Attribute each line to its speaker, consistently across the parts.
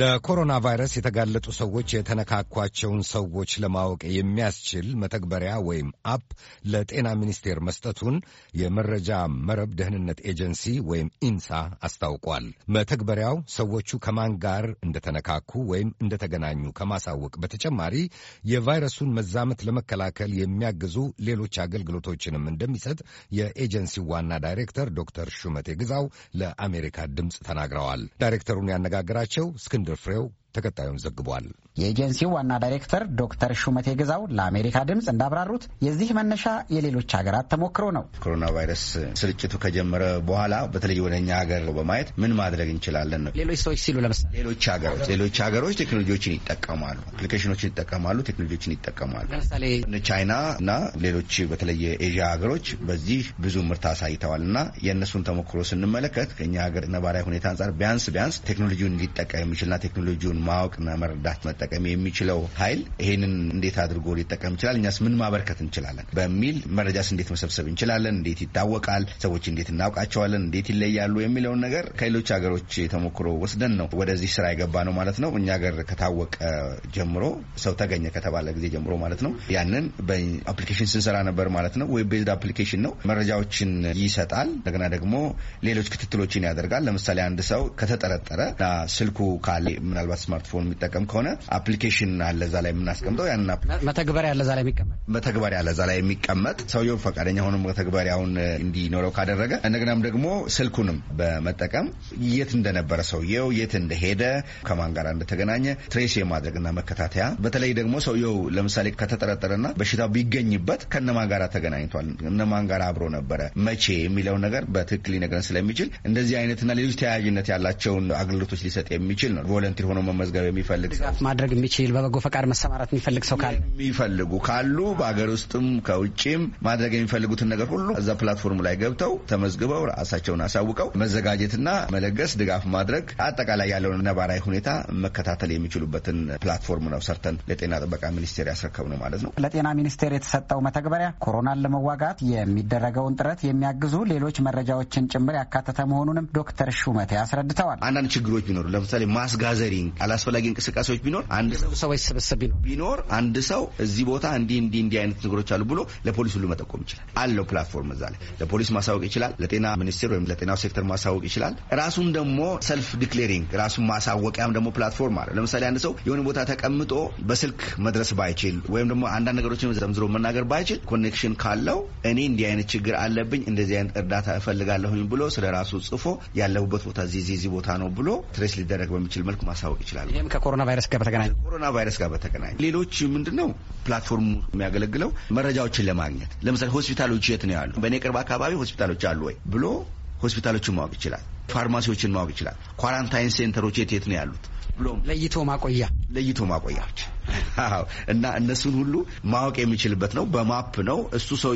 Speaker 1: ለኮሮና ቫይረስ የተጋለጡ ሰዎች የተነካኳቸውን ሰዎች ለማወቅ የሚያስችል መተግበሪያ ወይም አፕ ለጤና ሚኒስቴር መስጠቱን የመረጃ መረብ ደህንነት ኤጀንሲ ወይም ኢንሳ አስታውቋል። መተግበሪያው ሰዎቹ ከማን ጋር እንደተነካኩ ወይም እንደተገናኙ ከማሳወቅ በተጨማሪ የቫይረሱን መዛመት ለመከላከል የሚያግዙ ሌሎች አገልግሎቶችንም እንደሚሰጥ የኤጀንሲው ዋና ዳይሬክተር ዶክተር ሹመቴ ግዛው ለአሜሪካ ድምፅ ተናግረዋል። ዳይሬክተሩን ያነጋግራቸው
Speaker 2: እስክንድ Winterfell ተከታዩን ዘግቧል። የኤጀንሲው ዋና ዳይሬክተር ዶክተር ሹመቴ ግዛው ለአሜሪካ ድምፅ እንዳብራሩት የዚህ መነሻ የሌሎች ሀገራት ተሞክሮ ነው።
Speaker 1: ኮሮና ቫይረስ ስርጭቱ ከጀመረ በኋላ በተለይ ወደ እኛ ሀገር በማየት ምን ማድረግ እንችላለን ነው። ሌሎች ሰዎች ሲሉ ለምሳሌ ሌሎች ሀገሮች ሌሎች ሀገሮች ቴክኖሎጂዎችን ይጠቀማሉ፣ አፕሊኬሽኖችን ይጠቀማሉ፣ ቴክኖሎጂዎችን ይጠቀማሉ። ለምሳሌ ቻይና እና ሌሎች በተለየ ኤዥያ ሀገሮች በዚህ ብዙ ምርት አሳይተዋል እና የእነሱን ተሞክሮ ስንመለከት ከእኛ ሀገር ነባራዊ ሁኔታ አንጻር ቢያንስ ቢያንስ ቴክኖሎጂውን ሊጠቀም የሚችልና ቴክኖሎጂውን ችግሩን ማወቅና መረዳት መጠቀም የሚችለው ኃይል ይህንን እንዴት አድርጎ ሊጠቀም ይችላል፣ እኛስ ምን ማበርከት እንችላለን በሚል መረጃስ እንዴት መሰብሰብ እንችላለን፣ እንዴት ይታወቃል፣ ሰዎች እንዴት እናውቃቸዋለን፣ እንዴት ይለያሉ የሚለውን ነገር ከሌሎች ሀገሮች ተሞክሮ ወስደን ነው ወደዚህ ስራ የገባ ነው ማለት ነው። እኛ ሀገር ከታወቀ ጀምሮ ሰው ተገኘ ከተባለ ጊዜ ጀምሮ ማለት ነው ያንን በአፕሊኬሽን ስንሰራ ነበር ማለት ነው። ዌብ ቤዝድ አፕሊኬሽን ነው። መረጃዎችን ይሰጣል። እንደገና ደግሞ ሌሎች ክትትሎችን ያደርጋል። ለምሳሌ አንድ ሰው ከተጠረጠረ ስልኩ ካለ ምናልባት ስማርትፎን የሚጠቀም ከሆነ አፕሊኬሽን አለ እዛ ላይ የምናስቀምጠው ያንን
Speaker 2: መተግበሪያ አለ እዛ ላይ
Speaker 1: የሚቀመጥ መተግበሪያ አለ እዛ ላይ የሚቀመጥ ሰውየው ፈቃደኛ ሆኖ መተግበሪያውን እንዲኖረው ካደረገ እንደገናም ደግሞ ስልኩንም በመጠቀም የት እንደነበረ ሰውየው የት እንደሄደ ከማን ጋር እንደተገናኘ ትሬስ የማድረግና መከታተያ በተለይ ደግሞ ሰውየው ለምሳሌ ከተጠረጠረና በሽታው ቢገኝበት ከነማን ጋር ተገናኝቷል፣ እነማን ጋር አብሮ ነበረ፣ መቼ የሚለው ነገር በትክክል ሊነግረን ስለሚችል እንደዚህ አይነትና ሌሎች ተያያዥነት ያላቸውን አገልግሎቶች ሊሰጥ የሚችል ነው። ቮለንቲር ሆኖ መመዝገብ የሚፈልግ
Speaker 2: ሰው ማድረግ የሚችል በበጎ ፈቃድ መሰማራት የሚፈልግ ሰው ካለ
Speaker 1: የሚፈልጉ ካሉ በሀገር ውስጥም ከውጭም ማድረግ የሚፈልጉትን ነገር ሁሉ እዛ ፕላትፎርም ላይ ገብተው ተመዝግበው ራሳቸውን አሳውቀው መዘጋጀትና መለገስ ድጋፍ ማድረግ አጠቃላይ ያለውን ነባራዊ ሁኔታ መከታተል የሚችሉበትን ፕላትፎርም ነው ሰርተን ለጤና ጥበቃ ሚኒስቴር ያስረከብ ነው ማለት ነው።
Speaker 2: ለጤና ሚኒስቴር የተሰጠው መተግበሪያ ኮሮናን ለመዋጋት የሚደረገውን ጥረት የሚያግዙ ሌሎች መረጃዎችን ጭምር ያካተተ መሆኑንም ዶክተር ሹመቴ አስረድተዋል።
Speaker 1: አንዳንድ ችግሮች ቢኖሩ ለምሳሌ ማስጋዘሪንግ አላስፈላጊ እንቅስቃሴዎች ቢኖር አንድ ሰው ስብስብ ቢኖር አንድ ሰው እዚህ ቦታ እንዲህ እንዲህ እንዲህ አይነት ነገሮች አሉ ብሎ ለፖሊስ ሁሉ መጠቆም ይችላል። አለው ፕላትፎርም እዛ ላይ ለፖሊስ ማሳወቅ ይችላል። ለጤና ሚኒስቴር ወይም ለጤናው ሴክተር ማሳወቅ ይችላል። ራሱን ደግሞ ሰልፍ ዲክሌሪንግ ራሱን ማሳወቂያም ደግሞ ፕላትፎርም አለ። ለምሳሌ አንድ ሰው የሆነ ቦታ ተቀምጦ በስልክ መድረስ ባይችል ወይም ደግሞ አንዳንድ ነገሮችን ዘምዝሮ መናገር ባይችል ኮኔክሽን ካለው እኔ እንዲህ አይነት ችግር አለብኝ እንደዚህ አይነት እርዳታ እፈልጋለሁኝ ብሎ ስለ ራሱ ጽፎ ያለሁበት ቦታ እዚህ እዚህ ቦታ ነው ብሎ ትሬስ ሊደረግ በሚችል መልኩ ማሳወቅ ይችላል። ይችላሉ።
Speaker 2: ይህም ከኮሮና ቫይረስ ጋር በተገናኘ
Speaker 1: ከኮሮና ቫይረስ ጋር በተገናኘ ሌሎች ምንድን ነው ፕላትፎርሙ የሚያገለግለው መረጃዎችን ለማግኘት ለምሳሌ ሆስፒታሎች የት ነው ያሉ፣ በእኔ ቅርብ አካባቢ ሆስፒታሎች አሉ ወይ ብሎ ሆስፒታሎችን ማወቅ ይችላል። ፋርማሲዎችን ማወቅ ይችላል። ኳራንታይን ሴንተሮች የት የት ነው ያሉት ብሎ ለይቶ ማቆያ ለይቶ ማቆያዎች እና እነሱን ሁሉ ማወቅ የሚችልበት ነው። በማፕ ነው እሱ ሰው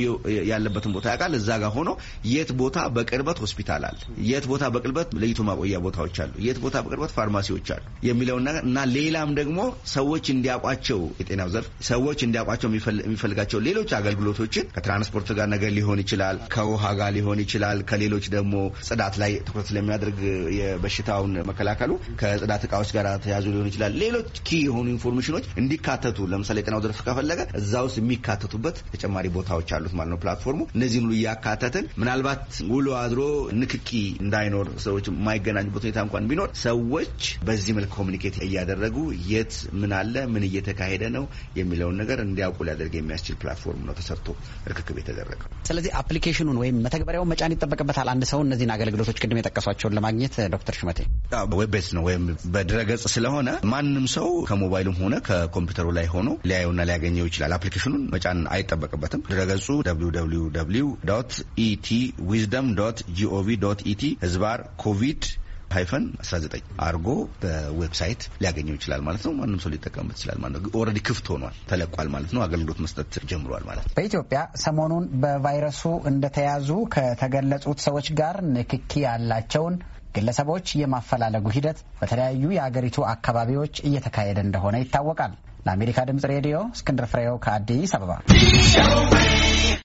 Speaker 1: ያለበትን ቦታ ያውቃል። እዛ ጋር ሆኖ የት ቦታ በቅርበት ሆስፒታል አለ፣ የት ቦታ በቅርበት ለይቶ ማቆያ ቦታዎች አሉ፣ የት ቦታ በቅርበት ፋርማሲዎች አሉ የሚለውን ነገር እና ሌላም ደግሞ ሰዎች እንዲያውቋቸው የጤናው ዘርፍ ሰዎች እንዲያውቋቸው የሚፈልጋቸው ሌሎች አገልግሎቶችን ከትራንስፖርት ጋር ነገር ሊሆን ይችላል፣ ከውሃ ጋር ሊሆን ይችላል፣ ከሌሎች ደግሞ ጽዳት ላይ ትኩረት ስለሚያደርግ የበሽታውን መከላከሉ ከጽዳት እቃዎች ጋር ተያዙ ሊሆን ይችላል። ሌሎች ኪ የሆኑ ኢንፎርሜሽኖች እንዲካተቱ ለምሳሌ የጤናው ዘርፍ ከፈለገ እዛ ውስጥ የሚካተቱበት ተጨማሪ ቦታዎች አሉት ማለት ነው ፕላትፎርሙ። እነዚህን ሁሉ እያካተትን ምናልባት ውሎ አድሮ ንክኪ እንዳይኖር ሰዎች የማይገናኙበት ሁኔታ እንኳን ቢኖር ሰዎች በዚህ መልክ ኮሚኒኬት እያደረጉ የት ምን አለ ምን እየተካሄደ ነው የሚለውን ነገር እንዲያውቁ ሊያደርግ የሚያስችል ፕላትፎርም ነው ተሰርቶ ርክክብ የተደረገ።
Speaker 2: ስለዚህ አፕሊኬሽኑን ወይም መተግበሪያውን መጫን ይጠበቅበታል አንድ ሰው እነዚህን አገልግሎቶች ቅድም የጠቀሷቸውን ለማግኘት ዶክተር ሽመቴ
Speaker 1: ዌብ ቤት ነው ወይም በድረገጽ ስለሆነ ማንም ሰው ከሞባይሉም ሆነ ኮምፒውተሩ ላይ ሆኖ ሊያየውና ሊያገኘው ይችላል። አፕሊኬሽኑን መጫን አይጠበቅበትም። ድረገጹ www ኢቲ ዊዝደም ጂኦቪ ኢቲ ህዝባር ኮቪድ ሃይፈን 19 አርጎ በዌብሳይት ሊያገኘው ይችላል ማለት ነው። ማንም ሰው ሊጠቀምበት ይችላል ማለት ነው። ኦልሬዲ ክፍት ሆኗል፣ ተለቋል ማለት ነው። አገልግሎት መስጠት ጀምሯል ማለት
Speaker 2: ነው። በኢትዮጵያ ሰሞኑን በቫይረሱ እንደተያዙ ከተገለጹት ሰዎች ጋር ንክኪ ያላቸውን ግለሰቦች የማፈላለጉ ሂደት በተለያዩ የአገሪቱ አካባቢዎች እየተካሄደ እንደሆነ ይታወቃል። ለአሜሪካ ድምፅ ሬዲዮ እስክንድር ፍሬው ከአዲስ አበባ